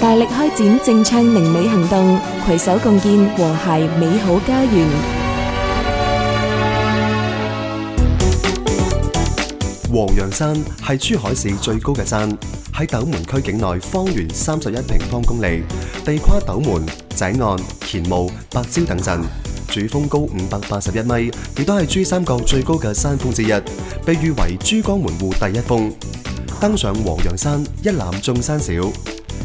大力開展正昌明美行動，携手共建和諧美好家園。黃楊山係珠海市最高嘅山，喺斗門區境內，方圓三十一平方公里，地跨斗門、井岸、乾務、白蕉等鎮。主峰高五百八十一米，亦都係珠三角最高嘅山峰之一，被譽為珠江門戶第一峰。登上黃楊山，一覽眾山小。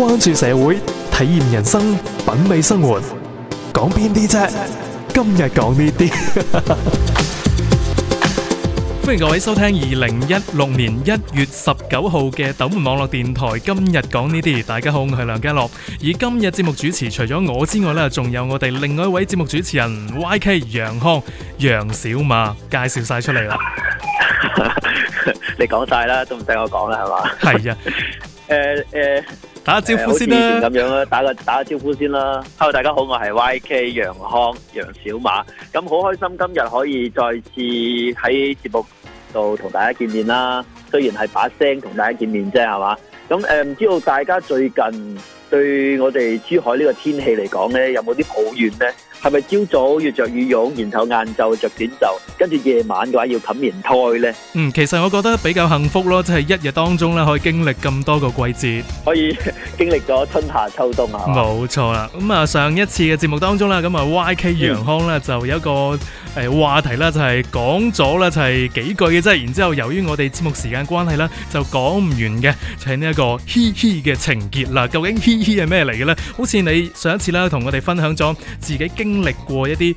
關注社會，體驗人生，品味生活。講邊啲啫？今日講呢啲。歡迎各位收聽二零一六年一月十九號嘅斗門網絡電台《今日講呢啲》。大家好，我係梁家樂。而今日節目主持除咗我之外呢，仲有我哋另外一位節目主持人 YK 楊康、楊小馬介紹晒出嚟啦。你講晒啦，都唔使我講啦，係嘛？係呀。誒誒。打招呼先啦，呃，好似以前咁樣啦，打個打個招呼先啦。Hello，大家好，我係 YK 楊康楊小馬，咁好開心今日可以再次喺節目度同大家見面啦。雖然係把聲同大家見面啫，係嘛。咁誒，唔、呃、知道大家最近對我哋珠海呢個天氣嚟講呢，有冇啲抱怨呢？係咪朝早要着羽絨，然後晏晝着短袖，跟住夜晚嘅話要冚棉胎呢？嗯，其實我覺得比較幸福咯，即係一日當中咧可以經歷咁多個季節，可以經歷咗春夏秋冬啊。冇錯啦，咁啊上一次嘅節目當中啦，咁啊 YK 楊康咧就有一個誒話題啦，就係講咗啦，就係幾句嘅啫。然之後由於我哋節目時間關係啦，就講唔完嘅，就係呢一個嘻嘻嘅情結啦。究竟嘻嘻係咩嚟嘅呢？好似你上一次啦同我哋分享咗自己經。經歷過一啲誒、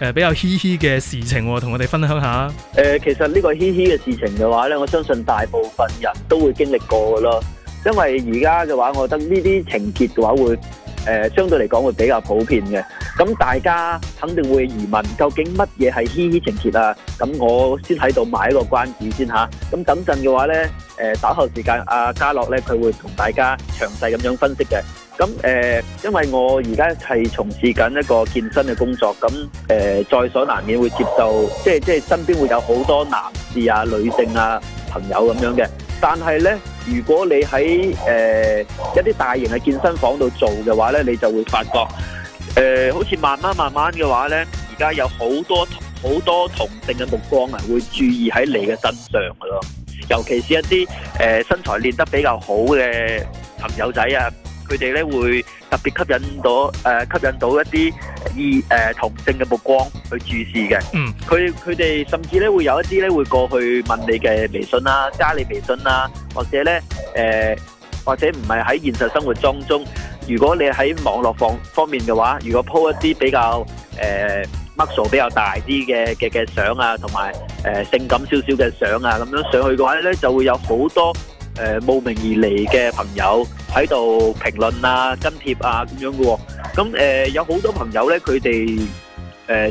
呃、比較嘻嘻嘅事情，同我哋分享一下。誒、呃，其實呢個嘻嘻嘅事情嘅話咧，我相信大部分人都會經歷過噶咯。因為而家嘅話，我覺得呢啲情節嘅話會誒、呃、相對嚟講會比較普遍嘅。咁大家肯定會疑問，究竟乜嘢係嘻嘻情節啊？咁我先喺度買一個關子先吓。咁等陣嘅話呢，誒、呃、稍後時間阿、啊、家樂呢，佢會同大家詳細咁樣分析嘅。咁誒、呃，因為我而家係從事緊一個健身嘅工作，咁誒在所難免會接受，即係即係身邊會有好多男士啊、女性啊朋友咁樣嘅。但係咧，如果你喺誒、呃、一啲大型嘅健身房度做嘅話咧，你就會發覺，誒、呃，好似慢慢慢慢嘅話咧，而家有好多好多同性嘅目光啊，會注意喺你嘅身上嘅咯。尤其是一啲誒、呃、身材練得比較好嘅朋友仔啊～佢哋咧會特別吸引到誒吸引到一啲異誒同性嘅目光去注視嘅。嗯，佢佢哋甚至咧會有一啲咧會過去問你嘅微信啦，加你微信啦，或者咧誒，或者唔係喺現實生活當中，如果你喺網絡方方面嘅話，如果 po 一啲比較誒 muscle 比較大啲嘅嘅嘅相啊，同埋誒性感少少嘅相啊，咁樣上去嘅話咧，就會有好多。誒，慕名而嚟嘅朋友喺度評論啊、跟帖啊咁樣嘅，咁誒有好多朋友咧，佢哋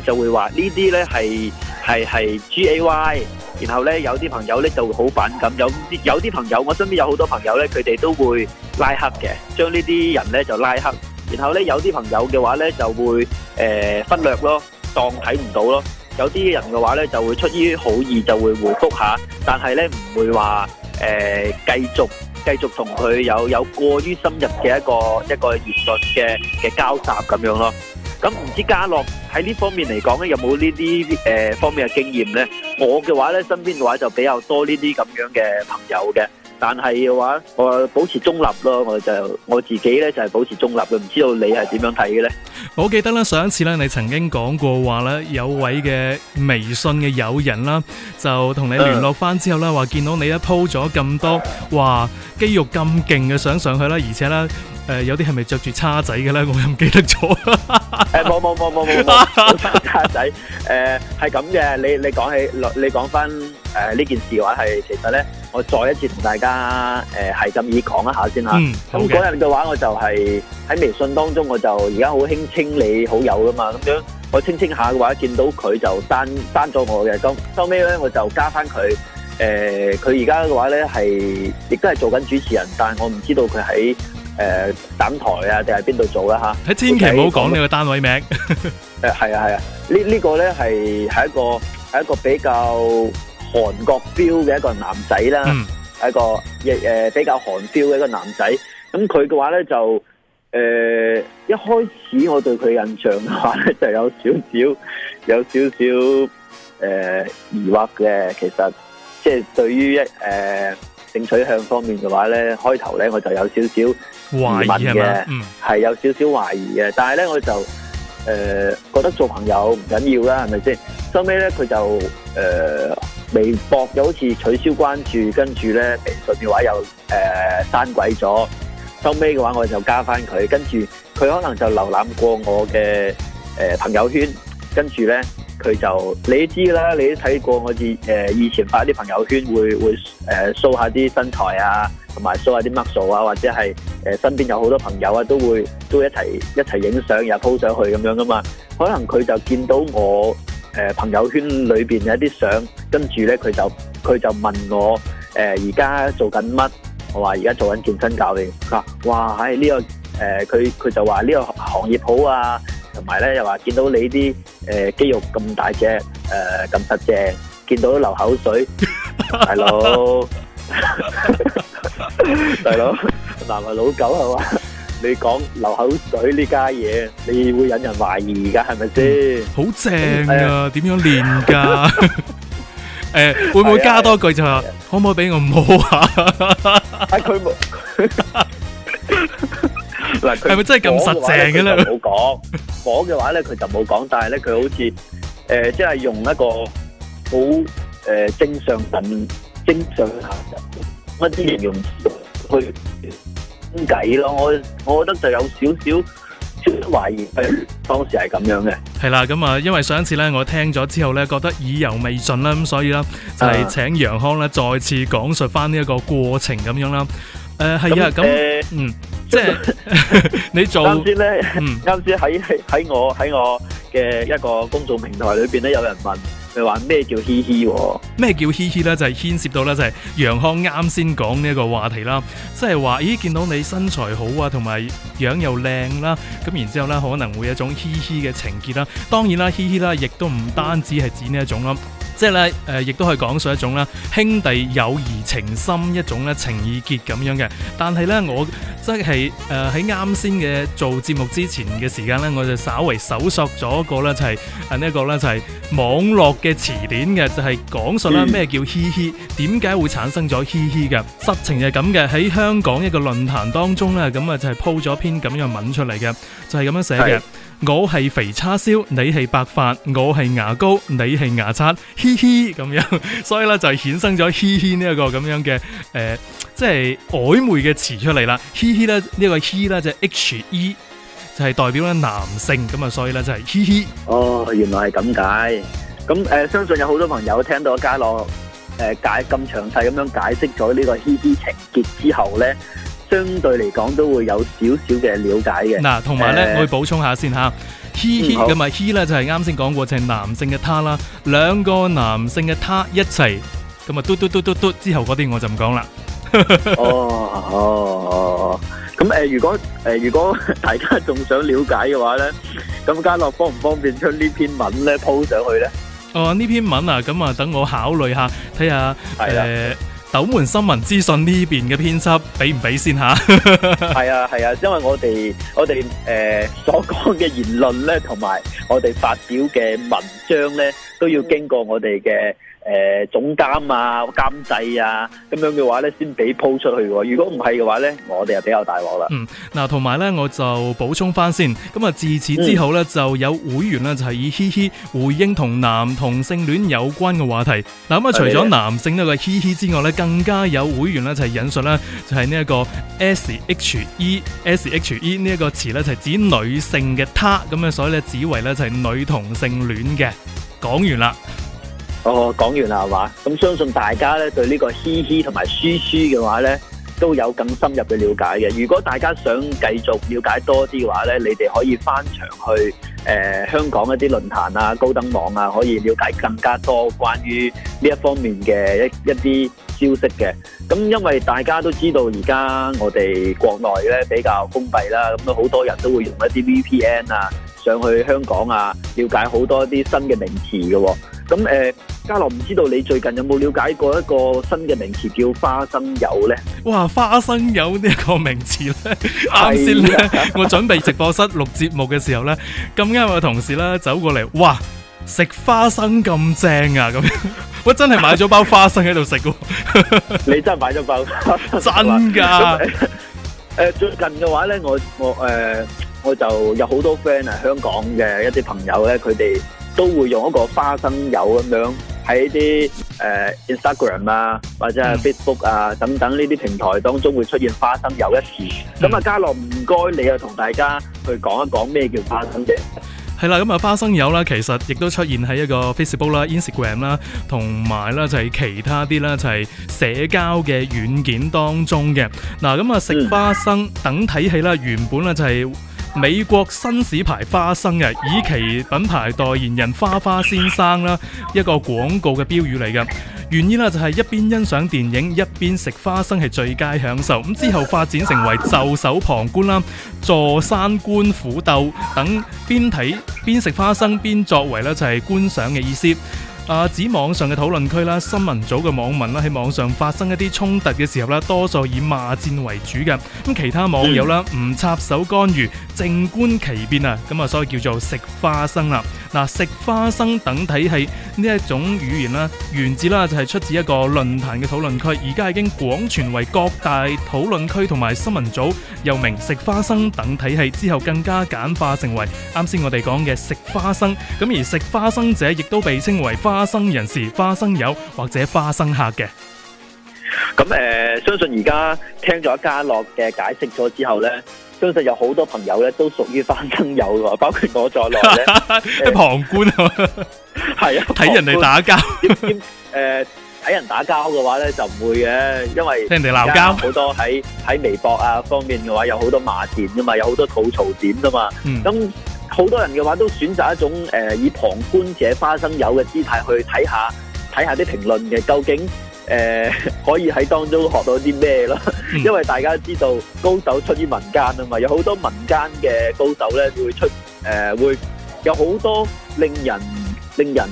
誒就會話呢啲咧係係係 GAY，然後咧有啲朋友咧就會好反感，有啲有啲朋友，我身邊有好多朋友咧，佢哋都會拉黑嘅，將呢啲人咧就拉黑，然後咧有啲朋友嘅話咧就會誒忽略咯，當睇唔到咯，有啲人嘅話咧就會出於好意就會回覆下，但係咧唔會話。誒、呃，繼續繼續同佢有有過於深入嘅一個一個言論嘅嘅交集咁樣咯。咁、嗯、唔知嘉樂喺呢方面嚟講咧，有冇呢啲誒方面嘅經驗咧？我嘅話咧，身邊嘅話就比較多呢啲咁樣嘅朋友嘅。但係嘅話，我保持中立咯，我就我自己呢，就係保持中立嘅，唔知道你係點樣睇嘅呢？我記得呢，上一次呢，你曾經講過話呢，有位嘅微信嘅友人啦，就同你聯絡翻之後呢，話見到你一鋪咗咁多話肌肉咁勁嘅相上去啦，而且呢。誒、呃，有啲係咪着住叉仔嘅咧？我又唔記得咗、呃。誒，冇冇冇冇冇冇叉仔。誒、啊呃，係咁嘅。你你講起，你講翻誒呢件事嘅話，係其實咧，我再一次同大家誒係咁意講一下先啦。嗯，咁嗰日嘅話，我就係喺微信當中，我就而家好興清理好友噶嘛。咁樣我清清下嘅話，見到佢就刪刪咗我嘅。咁收尾咧，我就加翻佢。誒、呃，佢而家嘅話咧係，亦都係做緊主持人，但係我唔知道佢喺。誒，等、呃、台啊，定係邊度做啦、啊、吓？喺千祈唔好講呢個單位名。誒，係啊係啊，呢呢個咧，係係一個係一個比較韓國 feel 嘅一個男仔啦，係一個亦誒比較韓 feel 嘅一個男仔。咁佢嘅話咧就誒、呃、一開始我對佢印象嘅話咧就有少少有少少誒、呃、疑惑嘅，其實即係、就是、對於一誒。呃性取向方面嘅話咧，開頭咧我就有少少、嗯、懷疑嘅，係有少少懷疑嘅。但係咧我就誒、呃、覺得做朋友唔緊要啦，係咪先？收尾咧佢就誒微博又好似取消關注，跟住咧微信嘅話又誒刪鬼咗。收尾嘅話我就加翻佢，跟住佢可能就瀏覽過我嘅誒、呃、朋友圈，跟住咧。佢就你知啦，你都睇過我以誒以前發啲朋友圈會 show、呃、下啲身材啊，同埋 show 下啲 muscle 啊，或者係誒、呃、身邊有好多朋友啊，都會都一齊一齊影相又 po 上去咁樣噶嘛。可能佢就見到我誒、呃、朋友圈裏邊有啲相，跟住咧佢就佢就問我誒而家做緊乜？我話而家做緊健身教練。嚇、啊！哇！喺呢、這個誒佢佢就話呢個行業好啊！同埋咧，又話見到你啲誒肌肉咁大隻，誒咁實正，見到流口水，大佬，大佬，男人老狗係嘛？你講流口水呢家嘢，你會引人懷疑噶，係咪先？好正啊！點樣練噶？誒，會唔會加多句就話，可唔可以俾我摸下？但係佢冇。唔係，係咪真係咁實淨嘅咧？冇講，講嘅話咧，佢就冇講。但係咧，佢好似誒，即係用一個好誒正常、神正常嘅客人，一啲形容詞去傾偈咯。我我覺得就有少少少少懷疑，係當時係咁樣嘅。係啦，咁啊，因為上一次咧，我聽咗之後咧，覺得意猶未盡啦，咁所以啦，就係請楊康咧，再次講述翻呢一個過程咁樣啦。誒，係啊，咁嗯。即係 你做啱先咧，啱先喺喺我喺我嘅一個公眾平台裏邊咧，有人問佢話咩叫嘻嘻、哦？咩叫嘻嘻咧？就係、是、牽涉到咧，就係楊康啱先講呢一個話題啦。即係話，咦，見到你身材好啊，同埋樣又靚啦、啊，咁然之後咧，可能會有一種嘻嘻嘅情結啦、啊。當然啦，嘻嘻啦，亦都唔單止係指呢一種啦。即係咧，誒、呃，亦都可以講述一種啦，兄弟友誼情深一種咧情意結咁樣嘅。但係咧，我即係誒喺啱先嘅做節目之前嘅時間咧，我就稍微搜索咗一個咧就係呢一個咧就係、是、網絡嘅詞典嘅，就係、是、講述啦咩叫嘻嘻，點解、嗯、會產生咗嘻嘻嘅？實情就係咁嘅。喺香港一個論壇當中咧，咁、嗯、啊就係鋪咗篇咁樣嘅文出嚟嘅，就係、是、咁樣寫嘅。我係肥叉燒，你係白飯，我係牙膏，你係牙刷，嘻嘻咁樣，所以咧就係衍生咗嘻嘻，這個呃就是、嘻嘻呢一、這個咁樣嘅誒，即係曖昧嘅詞出嚟啦。嘻嘻咧呢個嘻咧就係、是、H E 就係代表咧男性，咁啊所以咧就係嘻嘻。哦，原來係咁解。咁誒、呃，相信有好多朋友聽到嘉樂誒解咁詳細咁樣解釋咗呢個嘻嘻情結之後咧。相對嚟講都會有少少嘅了解嘅。嗱，同埋咧，我補充下先吓。he 咁啊，he 咧就係啱先講過，就係男性嘅他啦。兩個男性嘅他一齊，咁啊，嘟嘟嘟嘟嘟之後嗰啲我就唔講啦。哦哦，咁誒，如果誒如果大家仲想了解嘅話咧，咁家樂方唔方便將呢篇文咧 po 上去咧？哦，呢篇文啊，咁啊，等我考慮下，睇下誒。斗門新聞資訊呢邊嘅編輯俾唔俾先吓？係啊係 啊，啊，因為我哋我哋誒、呃、所講嘅言論咧，同埋我哋發表嘅文章咧。都要經過我哋嘅誒總監啊、監製啊咁樣嘅話呢，先俾鋪出去嘅。如果唔係嘅話呢，我哋又比較大鑊啦。嗯，嗱，同埋呢，我就補充翻先。咁啊，自此之後呢，就有會員呢，就係以嘻嘻回應同男同性戀有關嘅話題。嗱咁啊，除咗男性呢個嘻嘻之外呢，更加有會員呢，就係引述呢，就係呢一個 S H E S H E 呢一個詞呢，就係指女性嘅她咁啊，所以呢，指為呢，就係女同性戀嘅。講完啦，哦，講完啦係嘛，咁相信大家咧對呢個嘻嘻同埋書書嘅話咧都有更深入嘅了解嘅。如果大家想繼續了解多啲嘅話咧，你哋可以翻牆去誒、呃、香港一啲論壇啊、高登網啊，可以了解更加多關於呢一方面嘅一一啲消息嘅。咁因為大家都知道而家我哋國內咧比較封閉啦，咁都好多人都會用一啲 VPN 啊。上去香港啊，了解好多啲新嘅名詞嘅，咁誒，嘉樂唔知道你最近有冇了解過一個新嘅名詞叫花生油咧？哇，花生油呢個名詞咧，啱先咧，我準備直播室錄節目嘅時候咧，咁啱有同事咧走過嚟，哇，食花生咁正啊，咁我真係買咗包花生喺度食喎，你真係買咗包花生噶？誒，最近嘅話咧，我我誒。我就有好多 friend 啊，香港嘅一啲朋友咧，佢哋都會用一個花生友咁樣喺啲誒 Instagram 啊，或者係 Facebook 啊等等呢啲平台當中會出現花生友一詞。咁啊，嘉樂唔該，你又同大家去講一講咩叫花生嘅？係啦，咁啊，花生友啦，其實亦都出現喺一個 Facebook 啦、Instagram 啦，同埋啦就係其他啲啦，就係社交嘅軟件當中嘅。嗱，咁啊，食花生等睇戲啦，原本咧就係。美國新市牌花生嘅，以其品牌代言人花花先生啦，一個廣告嘅標語嚟嘅。原因呢就係一邊欣賞電影一邊食花生係最佳享受。咁之後發展成為袖手旁觀啦、坐山觀虎鬥等，邊睇邊食花生邊作為呢就係觀賞嘅意思。啊！指網上嘅討論區啦、新聞組嘅網民啦，喺網上發生一啲衝突嘅時候啦，多數以罵戰為主嘅。咁其他網友啦，唔插手干預，靜觀其變啊。咁啊，所以叫做食花生啦。嗱，食花生等體系呢一種語言啦，源自啦就係出自一個論壇嘅討論區，而家已經廣傳為各大討論區同埋新聞組，又名食花生等體系。之後更加簡化成為啱先我哋講嘅食花生。咁而食花生者，亦都被稱為花。花生人士、花生友或者花生客嘅，咁誒、呃，相信而家聽咗嘉樂嘅解釋咗之後咧，相信有好多朋友咧都屬於花生友噶，包括我在內、 呃、旁觀係啊，睇人哋打交，兼誒睇人打交嘅、 呃、話咧就唔會嘅，因為聽人哋鬧交好多喺喺微博啊方面嘅話有好多罵點噶嘛，有好多，多吐槽點噶嘛，咁、嗯。好多人嘅話都選擇一種誒、呃、以旁觀者花生友嘅姿態去睇下睇下啲評論嘅，究竟誒、呃、可以喺當中學到啲咩咯？嗯、因為大家知道高手出於民間啊嘛，有好多民間嘅高手咧會出誒、呃、會有好多令人令人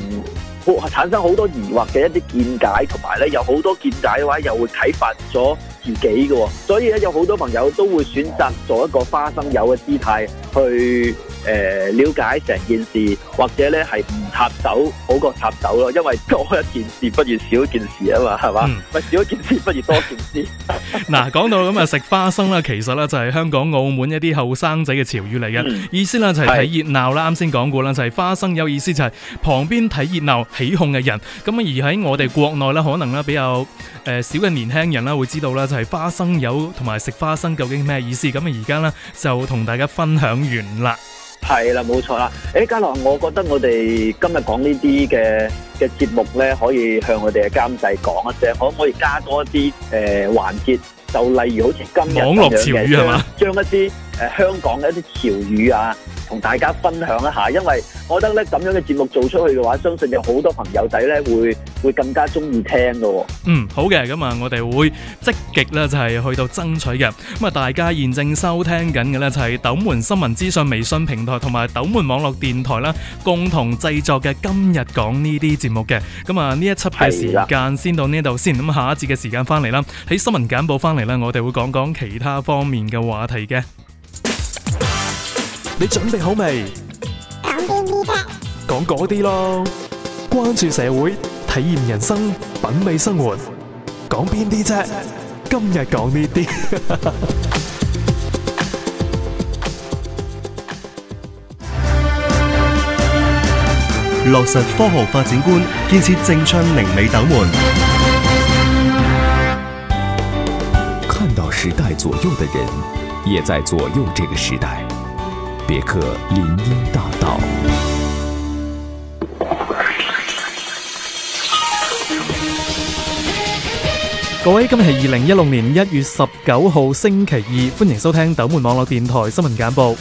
產生好多疑惑嘅一啲見解，同埋咧有好多見解嘅話又會啟發咗自己嘅，所以咧有好多朋友都會選擇做一個花生友嘅姿態去。誒、呃，了解成件事，或者咧係唔插手好過插手咯，因為多一件事不如少一件事啊嘛，係嘛？咪、嗯、少一件事不如多件事、 啊。嗱，講到咁啊，食花生啦，其實咧就係、是、香港、澳門一啲後生仔嘅潮語嚟嘅，嗯、意思啦就係睇熱鬧啦。啱先講過啦，就係、是是的 就是、花生友嘅意思就係旁邊睇熱鬧起哄嘅人。咁啊，而喺我哋國內咧，可能咧比較誒少嘅年輕人啦會知道啦，就係、是、花生友同埋食花生究竟咩意思？咁啊，而家呢，就同大家分享完啦。係啦，冇錯啦。誒，嘉樂，我覺得我哋今日講呢啲嘅嘅節目咧，可以向我哋嘅監製講一聲，可唔可以加多一啲誒環節？就例如好似今日嘅網絡潮語係嘛？將一啲誒、呃，香港嘅一啲潮語啊，同大家分享一下，因為我覺得咧，咁樣嘅節目做出去嘅話，相信有好多朋友仔咧會會更加中意聽噶、哦。嗯，好嘅，咁啊，我哋會積極咧就係、是、去到爭取嘅。咁啊，大家現正收聽緊嘅咧就係、是、斗門新聞資訊微信平台同埋斗門網絡電台啦，共同製作嘅今日講呢啲節目嘅。咁啊，呢一輯嘅時間先到呢度的先這裡。咁下一節嘅時間翻嚟啦，喺新聞簡報翻嚟咧，我哋會講講其他方面嘅話題嘅。你準備好未？講邊啲啫？講嗰啲咯。關注社會，體驗人生，品味生活。講邊啲啫？今日講呢啲。哈哈哈哈落實科學發展觀，建設正春寧美斗門。看到時代左右的人，也在左右這個時代。各位，今日係二零一六年一月十九號星期二，歡迎收聽斗門網絡電台新聞簡報。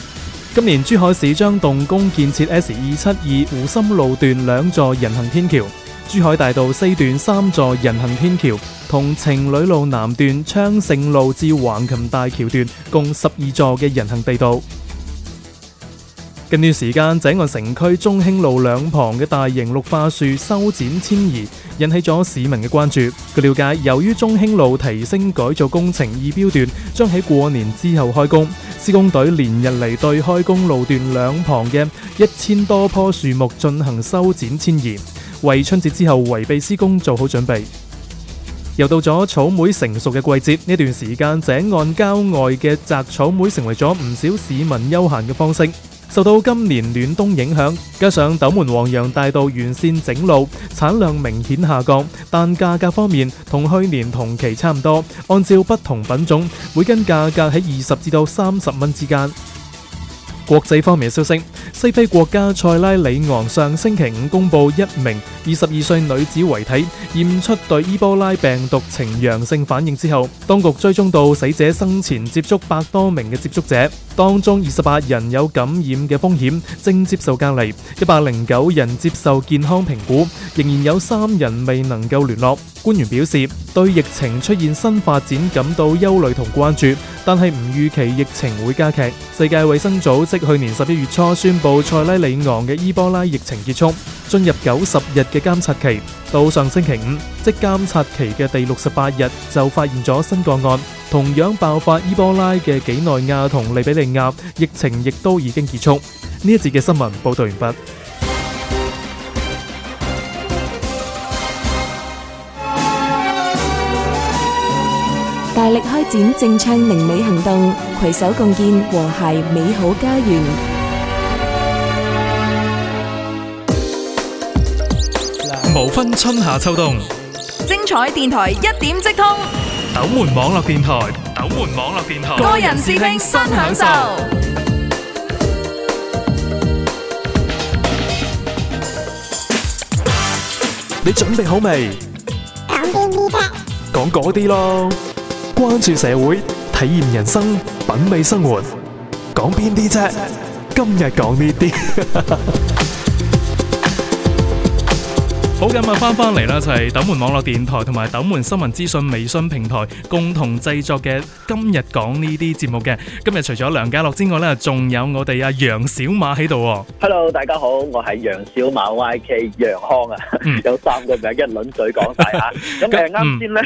今年珠海市將動工建設 S 二七二湖心路段兩座人行天橋、珠海大道西段三座人行天橋、同情侶路南段昌盛路至橫琴大橋段共十二座嘅人行地道。近段時間，井岸城區中興路兩旁嘅大型綠化樹修剪遷移，引起咗市民嘅關注。據了解，由於中興路提升改造工程二標段將喺過年之後開工，施工隊連日嚟對開工路段兩旁嘅一千多棵樹木進行修剪遷移，為春節之後圍蔽施工做好準備。又到咗草莓成熟嘅季節，呢段時間井岸郊外嘅摘草莓成為咗唔少市民休閒嘅方式。受到今年暖冬影響，加上斗門黃楊大道全線整路，產量明顯下降，但價格方面同去年同期差唔多。按照不同品種，每斤價格喺二十至到三十蚊之間。國際方面消息，西非國家塞拉利昂上星期五公布一名二十二歲女子遺體驗出對伊波拉病毒呈陽性反應之後，當局追蹤到死者生前接觸百多名嘅接觸者。當中二十八人有感染嘅風險，正接受隔離；一百零九人接受健康評估，仍然有三人未能夠聯絡。官員表示，對疫情出現新發展感到憂慮同關注，但係唔預期疫情會加劇。世界衛生組織去年十一月初宣布塞拉利昂嘅伊波拉疫情結束，進入九十日嘅監察期，到上星期五即監察期嘅第六十八日就發現咗新個案。同樣爆發伊波拉嘅幾內亞同利比利亞疫情，亦都已經結束。呢一節嘅新聞報導完畢。大力開展正槍寧美行動，攜手共建和諧美好家園。無分春夏秋冬，精彩電台一點即通。斗門網絡電台，斗門網絡電台，個人視聽新享受。你準備好未？講邊啲啫？講嗰啲咯。關注社會，體驗人生，品味生活。講邊啲啫？今日講呢啲。好，咁啊，翻翻嚟啦，就係斗門網絡電台同埋斗門新聞資訊微信平台共同製作嘅今日講呢啲節目嘅。今日除咗梁家樂之外咧，仲有我哋阿楊小馬喺度。Hello，大家好，我係楊小馬 YK 楊康啊，有三個名一輪嘴講晒吓。咁其實，啱先咧，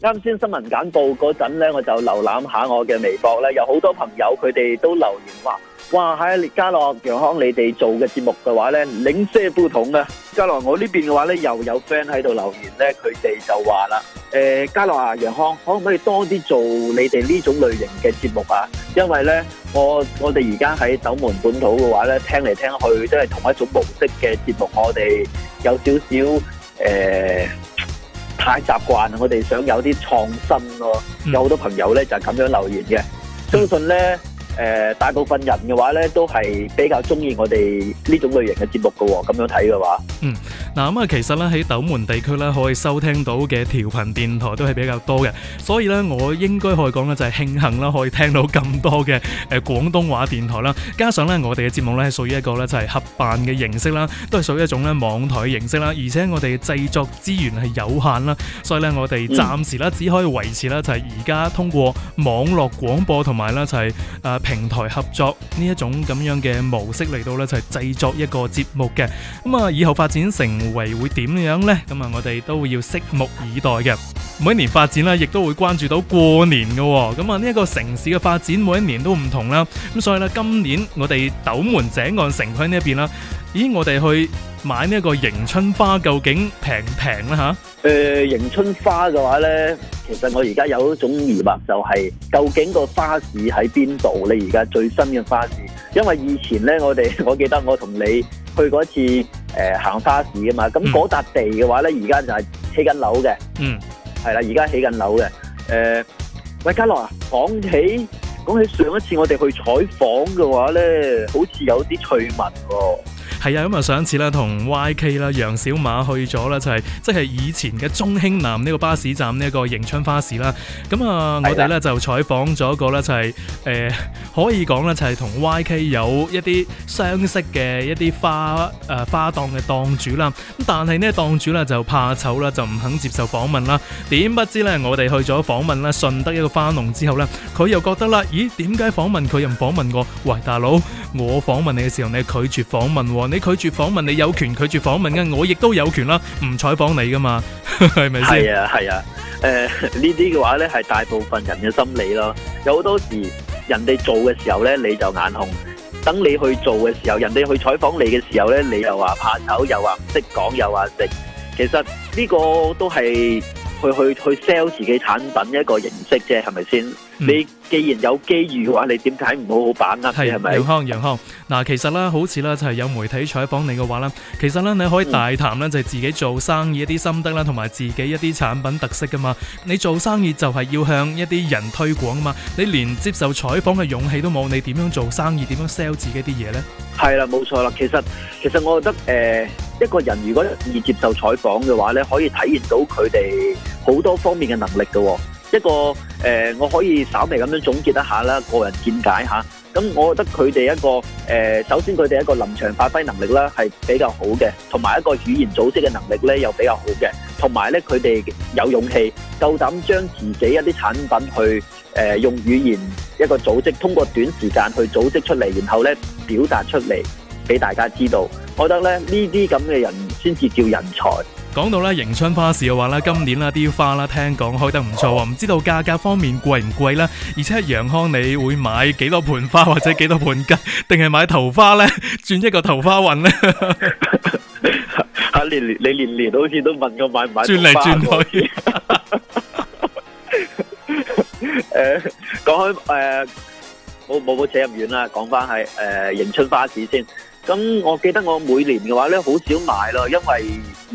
啱先新聞簡報嗰陣咧，我就瀏覽下我嘅微博咧，有好多朋友佢哋都留言話：，哇，喺家樂、楊康你哋做嘅節目嘅話咧，領色不同啊！嘉樂，我這邊的呢邊嘅話咧又有 friend 喺度留言咧，佢哋就話啦，誒、欸，嘉樂啊，楊康，可唔可以多啲做你哋呢種類型嘅節目啊？因為咧，我我哋而家喺斗門本土嘅話咧，聽嚟聽去都係同一種模式嘅節目，我哋有少少誒太習慣，我哋想有啲創新咯，哦。有好多朋友咧就係咁樣留言嘅，相信咧。誒大部分人嘅話呢，都係比較中意我哋呢種類型嘅節目㗎喎，咁樣睇嘅話。嗯，嗱咁啊，其實呢，喺斗門地區呢，可以收聽到嘅調頻電台都係比較多嘅，所以呢，我應該可以講呢就係慶幸啦，可以聽到咁多嘅誒廣東話電台啦。加上呢，我哋嘅節目呢，係屬於一個呢，就係合辦嘅形式啦，都係屬於一種呢網台嘅形式啦。而且我哋嘅製作資源係有限啦，所以呢，我哋暫時呢，只可以維持呢，就係而家通過網絡廣播同埋呢，就係誒。平台合作呢一種咁樣嘅模式嚟到呢，就係製作一個節目嘅。咁啊，以後發展成為會點樣呢？咁啊，我哋都會要拭目以待嘅。每一年發展啦，亦都會關注到過年嘅。咁啊，呢一個城市嘅發展每一年都唔同啦。咁所以呢，今年我哋斗門井岸城區呢一邊啦。咦，我哋去買呢一個迎春花，究竟平唔平咧？吓，誒，迎春花嘅話咧，其實我而家有一種疑惑，就係、是、究竟個花市喺邊度咧？而家最新嘅花市，因為以前咧，我哋我記得我同你去過一次誒、呃、行花市啊嘛，咁嗰笪地嘅話咧，而家就係起緊樓嘅，嗯，係啦，而家、嗯、起緊樓嘅，誒、呃，喂，嘉樂啊，講起講起上一次我哋去採訪嘅話咧，好似有啲趣聞、啊。係啊，咁啊上次咧同 YK 啦，楊小馬去咗咧就係即係以前嘅中興南呢個巴士站呢個迎春花市啦。咁啊，我哋咧就採訪咗一個咧就係、是、誒、呃、可以講咧就係同 YK 有一啲相識嘅一啲花誒、啊、花檔嘅檔主啦。咁但係呢，檔主咧就怕醜啦，就唔肯接受訪問啦。點不知咧我哋去咗訪問啦順德一個花農之後咧，佢又覺得啦，咦點解訪問佢又唔訪問我？喂大佬，我訪問你嘅時候你拒絕訪問喎、哦。你拒絕訪問，你有權拒絕訪問嘅，我亦都有權啦，唔採訪你㗎嘛，係咪先？係啊，係啊，誒呢啲嘅話呢，係大部分人嘅心理咯。有好多時，人哋做嘅時候呢，你就眼紅；等你去做嘅時候，人哋去採訪你嘅時候呢，你又話怕醜，又話唔識講，又話識。其實呢個都係去去去 sell 自己產品一個形式啫，係咪先？你既然有機遇嘅話，你點解唔好好把握？係咪？楊康，楊康，嗱，其實咧，好似咧就係有媒體採訪你嘅話啦。其實咧你可以大談咧就係自己做生意一啲心得啦，同埋自己一啲產品特色噶嘛。你做生意就係要向一啲人推廣啊嘛。你連接受採訪嘅勇氣都冇，你點樣做生意？點樣 sell 自己啲嘢咧？係啦，冇錯啦。其實其實我覺得，誒、呃、一個人如果易接受採訪嘅話咧，可以體驗到佢哋好多方面嘅能力嘅喎。一個誒、呃，我可以稍微咁樣總結一下啦，個人見解吓。咁我覺得佢哋一個誒、呃，首先佢哋一個臨場發揮能力啦，係比較好嘅，同埋一個語言組織嘅能力咧，又比較好嘅，同埋咧佢哋有勇氣夠膽將自己一啲產品去誒、呃、用語言一個組織，通過短時間去組織出嚟，然後咧表達出嚟俾大家知道。我覺得咧呢啲咁嘅人先至叫人才。講到咧迎春花市嘅話咧，今年啦啲花啦聽講開得唔錯，唔知道價格方面貴唔貴？而且楊康你會買幾多盆花或者幾多盆桔，定係買桃花咧，轉一個桃花運咧？阿年年你年年好似都問我買唔買？轉嚟轉去。誒，講開誒，冇冇冇扯咁遠啦，講翻係誒迎春花市先。咁我記得我每年嘅話咧，好少買咯，因為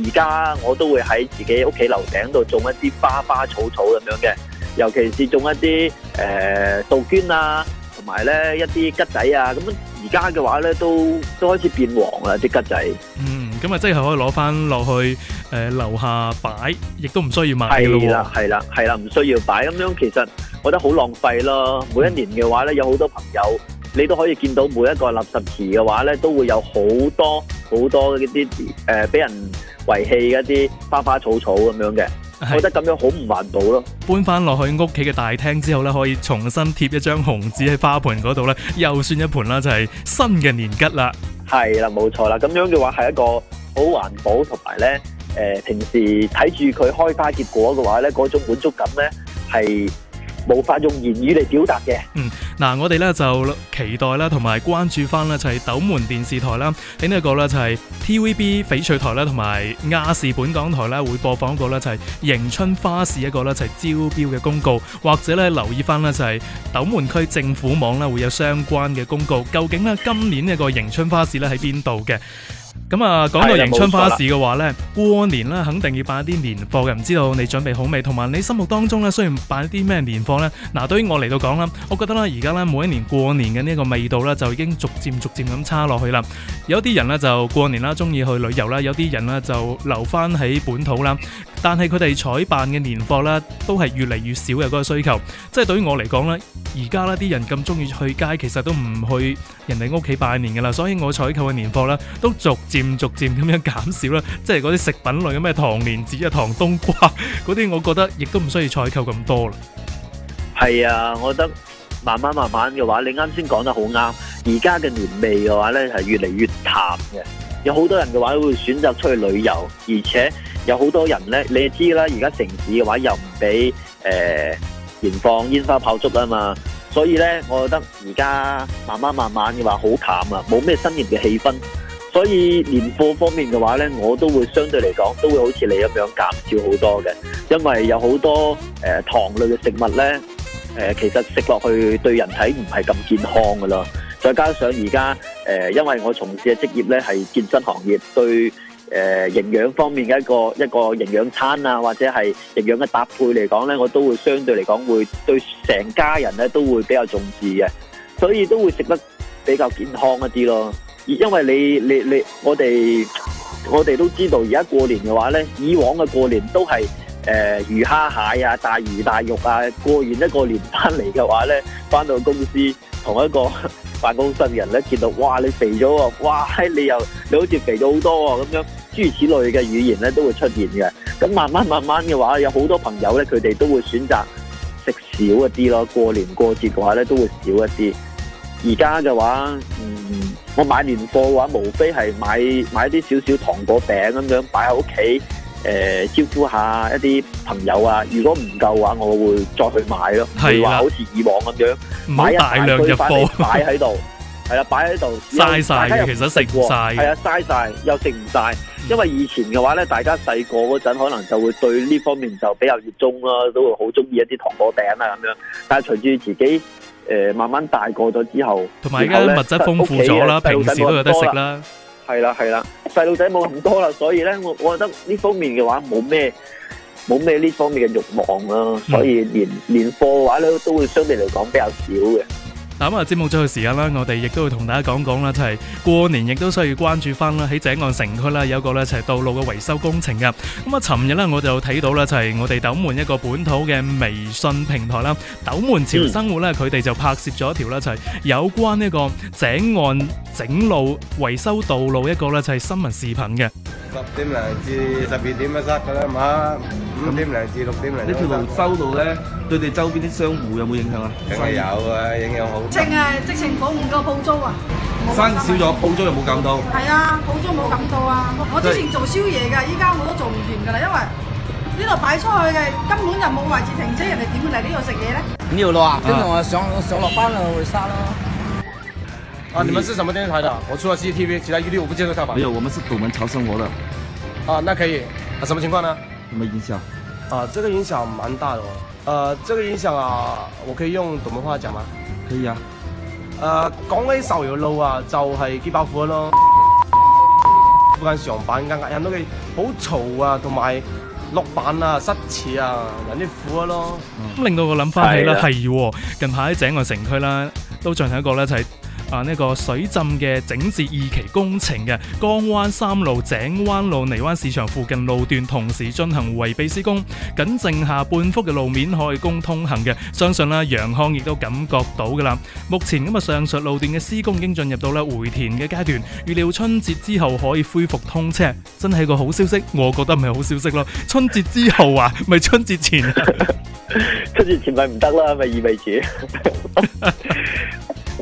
而家我都會喺自己屋企樓頂度種一啲花花草草咁樣嘅，尤其是種一啲誒杜鵑啊，同埋咧一啲桔仔啊，咁而家嘅話咧都都開始變黃啦啲桔仔。嗯，咁啊即係可以攞翻落去誒樓下擺，亦都唔需要買嘅咯。係啦，係啦，係啦，唔需要擺，咁樣其實。我覺得好浪費咯！每一年嘅話咧，有好多朋友，你都可以見到每一個垃圾池嘅話咧，都會有好多好多嗰啲誒俾人遺棄一啲花花草草咁樣嘅，是我覺得咁樣好唔環保咯。搬翻落去屋企嘅大廳之後咧，可以重新貼一張紅紙喺花盆嗰度咧，又算一盆啦，就係、是、新嘅年桔啦。係啦，冇錯啦，咁樣嘅話係一個好環保同埋咧誒，平時睇住佢開花結果嘅話咧，嗰種滿足感咧係。是無法用言語嚟表達嘅。嗯，嗱、啊，我哋咧就期待啦，同埋關注翻啦，就係斗門電視台啦，另一個呢就係 TVB 翡翠台啦，同埋亞視本港台啦，會播放一個呢就係迎春花市，一個呢就係招標嘅公告，或者咧留意翻呢就係斗門區政府網啦，會有相關嘅公告。究竟呢今年呢個迎春花市呢喺邊度嘅？咁啊，講到迎春花市嘅話呢，過年啦，肯定要辦啲年貨嘅，唔知道你準備好未？同埋你心目當中呢雖然辦啲咩年貨呢，嗱、對於我嚟到講啦，我覺得啦，而家呢每一年過年嘅呢個味道呢就已經逐漸逐漸咁差落去啦。有啲人呢就過年啦，中意去旅遊啦；有啲人呢就留翻喺本土啦。但係佢哋採辦嘅年貨咧，都係越嚟越少嘅嗰個需求。即係對於我嚟講咧，而家呢啲人咁中意去街，其實都唔去人哋屋企拜年噶啦。所以我採購嘅年貨啦，都逐漸逐漸咁樣減少啦。即係嗰啲食品類嘅咩糖蓮子啊、糖冬瓜嗰啲，那些我覺得亦都唔需要採購咁多啦。係啊，我覺得慢慢慢慢嘅話，你啱先講得好啱。而家嘅年味嘅話咧，係越嚟越淡嘅。有好多人嘅話都會選擇出去旅遊，而且。有好多人呢，你知啦。而家城市嘅話又唔俾，呃、燃放煙花炮竹啊嘛，所以呢，我覺得而家慢慢慢慢嘅話好淡啊，冇咩新年嘅氣氛。所以年貨方面嘅話呢，我都會相對嚟講都會好似你咁樣減少好多嘅，因為有好多，呃、糖類嘅食物呢，呃、其實食落去對人體唔係咁健康噶咯。再加上而家，呃、因為我從事嘅職業呢，係健身行業，對。誒營養方面嘅一個一個營養餐啊，或者係營養嘅搭配嚟講呢，我都會相對嚟講會對成家人呢都會比較重視嘅，所以都會食得比較健康一啲咯。因為你你你，我哋我哋都知道而家過年嘅話呢，以往嘅過年都係誒、呃、魚蝦蟹啊、大魚大肉啊，過完一個年翻嚟嘅話呢，翻到公司。同一個辦公室人咧，見到，哇你肥咗喎，嘩，你又你好似肥咗好多喎、哦、咁樣，諸如此類嘅語言咧都會出現嘅。咁慢慢慢慢嘅話，有好多朋友咧，佢哋都會選擇食少一啲咯。過年過節嘅話咧，都會少一啲。而家嘅話，嗯，我買年貨嘅話，無非係買買啲少少糖果餅，咁樣擺喺屋企。誒招呼下一啲朋友啊！如果唔夠嘅話，我會再去買咯。譬如話，好似以往咁樣買大量嘅貨擺喺度，係啦，擺喺度嘥曬。其實食過曬係啊，嘥曬又食唔曬，因為以前嘅話咧，大家細個嗰陣可能就會對呢方面就比較熱衷啦，都會好中意一啲糖果餅啊咁樣。但係隨住自己誒慢慢大個咗之後，同埋而家啲物質豐富咗啦，平時都有得食啦。係啦，係啦，細路仔冇咁多啦，所以咧，我我覺得呢方面嘅話冇咩冇咩呢方面嘅慾望啦，所以年年貨嘅話咧，都會相對嚟講比較少嘅。咁啊，節目最後時間啦，我哋亦都會同大家講講啦，就係、是、過年亦都需要關注翻啦，喺井岸城區啦，有個咧就係道路嘅維修工程嘅。咁啊，尋日咧我就睇到啦，就係、是、我哋斗門一個本土嘅微信平台啦，斗、嗯、門潮生活咧，佢哋就拍攝咗一條咧就係、是、有關呢個井岸整路維修道路一個咧就係、是、新聞視頻嘅。十點零至十二點都得噶啦，係嘛？五點零至六點零。呢條路修路咧，對你周邊啲商戶有冇影響啊？梗係有嘅，影響好。淨係直情放唔夠鋪租啊！生少咗，鋪租又冇減到。係啊，鋪租冇減到啊！我之前做宵夜噶，依家我都做唔掂噶啦，因為呢度擺出去嘅根本就冇位置停車，人哋點會嚟呢度食嘢咧？呢條路啊，經常我上上落班就去晒咯。啊！你們是什麼電視台的？啊、我除了 CCTV，其他一律我不接受採訪。沒有，我們是斗門潮生活的啊，那可以。啊，什麼情況呢？什麼影響？啊，這個影響蠻大咯。呃，這個影響啊，我可以用斗門話講嗎？可以啊。呃、啊，講起少有路啊，就係、是、幾爆火咯。嗯、附近上班間隔音都幾好嘈啊，同埋落班啊塞車啊，有啲苦咯。咁、嗯、令到我諗翻起啦，係、啊哦、近排喺整個城區啦、啊，都進行一個咧就係、是。啊！呢個水浸嘅整治二期工程嘅江灣三路、井灣路、泥灣市場附近路段，同時進行圍蔽施工，僅剩下半幅嘅路面可以供通行嘅。相信啦，楊康亦都感覺到噶啦。目前咁啊，上述路段嘅施工已經進入到咧回填嘅階段，預料春節之後可以恢復通車。真係個好消息，我覺得唔係好消息咯。春節之後啊，咪春節前，春節前咪唔得啦，咪意味住。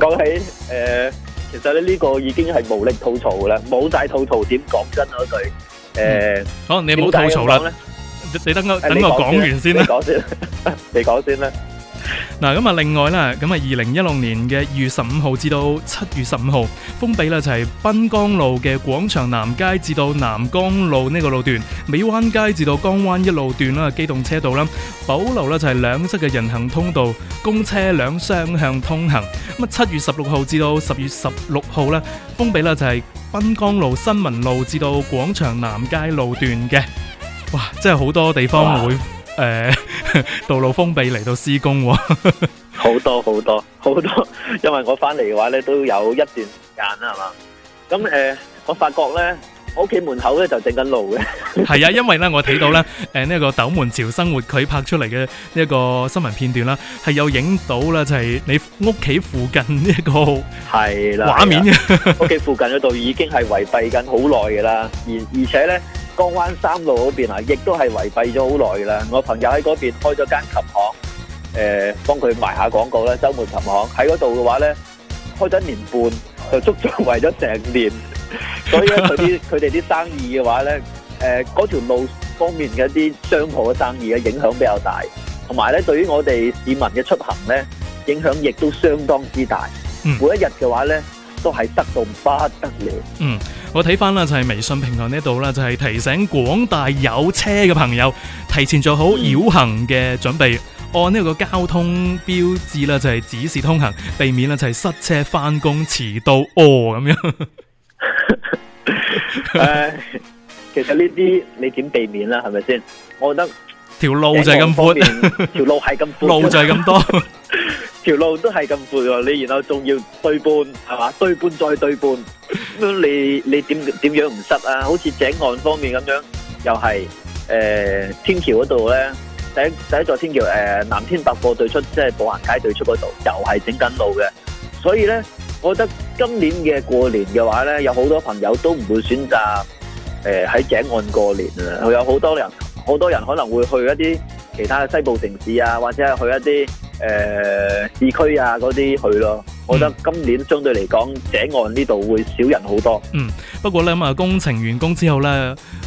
講起誒、呃，其實咧呢個已經係無力吐槽啦，冇晒吐槽點，講真嗰句可能你冇吐槽啦，啊，你等我等我講完先啦，你講先啦。 嗱咁啊，另外啦咁啊，二零一六年嘅二月十五號至到七月十五號，封閉呢就係濱江路嘅廣場南街至到南江路呢個路段，美灣街至到江灣一路段啦，機動車道啦，保留呢就係兩側嘅人行通道，供車輛雙向通行。咁啊，七月十六號至到十月十六號呢，封閉呢就係濱江路新民路至到廣場南街路段嘅，哇，真係好多地方會誒～哇、呃 道路封閉嚟到施工、哦 好，好多好多好多，因為我翻嚟嘅話咧都有一段時間啦，係嘛？咁誒、呃，我發覺咧，我屋企門口咧就整、是、緊路嘅，係啊，因為咧我睇到咧誒呢一、 呃這個斗門潮生活佢拍出嚟嘅呢一個新聞片段啦，係有影到啦，就係、是、你屋企附近一個係啦畫面嘅屋企附近嗰度已經係圍蔽緊好耐噶啦，而而且咧。江灣三路嗰邊啊，亦都係圍蔽咗好耐啦。我朋友喺嗰邊開咗間琴行，誒、呃，幫佢賣下廣告啦。周末琴行喺嗰度嘅話咧，開咗一年半，就足足圍咗成年，所以咧佢啲佢哋啲生意嘅話咧，誒、 呃，嗰條路方面嘅啲商鋪嘅生意嘅影響比較大，同埋咧對於我哋市民嘅出行咧，影響亦都相當之大。每一日嘅話咧。都係得到不得了。嗯，我睇翻啦，就係微信平台呢度啦，就係提醒廣大有車嘅朋友提前做好繞行嘅準備，按呢個交通標誌啦，就係指示通行，避免啦就係塞車翻工遲到哦咁樣。誒，其實呢啲你點避免啦？係咪先？我覺得條路就係咁寬，條路係咁寬，路就係咁多。條路都係咁闊喎，你然後仲要對半，係嘛？對半再對半，咁樣你你點點樣唔塞啊？好似井岸方面咁樣，又係誒天橋嗰度咧，第第一座天橋誒藍天百貨對出，即係步行街對出嗰度，又係整緊路嘅。所以咧，我覺得今年嘅過年嘅話咧，有好多朋友都唔會選擇誒喺井岸過年啊！有好多人，好多人可能會去一啲。其他西部城市啊，或者係去一啲誒、呃、市區啊嗰啲去咯。嗯、我覺得今年相對嚟講，井岸呢度會少人好多。嗯，不過咧咁啊，工程完工之後咧，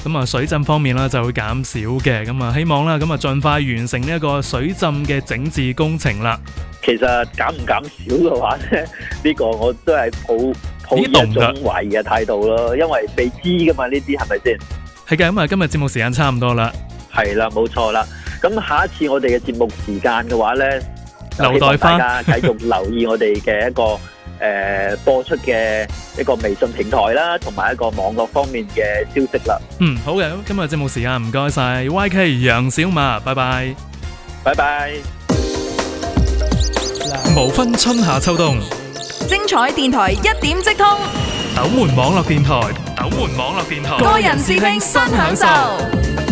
咁啊水浸方面啦就會減少嘅。咁啊，希望啦，咁啊盡快完成呢一個水浸嘅整治工程啦。其實減唔減少嘅話咧，呢、這個我都係抱好一種懷疑嘅態度咯，因為未知噶嘛，呢啲係咪先？係嘅，咁啊今日節目時間差唔多啦。係啦，冇錯啦。咁下一次我哋嘅節目時間嘅話咧，希望大家繼續留意我哋嘅一個誒播出嘅一個微信平台啦，同埋一個網絡方面嘅消息啦。嗯，好嘅，今日節目時間，唔該晒，Y K 楊小馬，拜拜，拜拜。無分春夏秋冬，精彩電台一點即通，斗門網絡電台，斗門網絡電台，個人視聽新享受。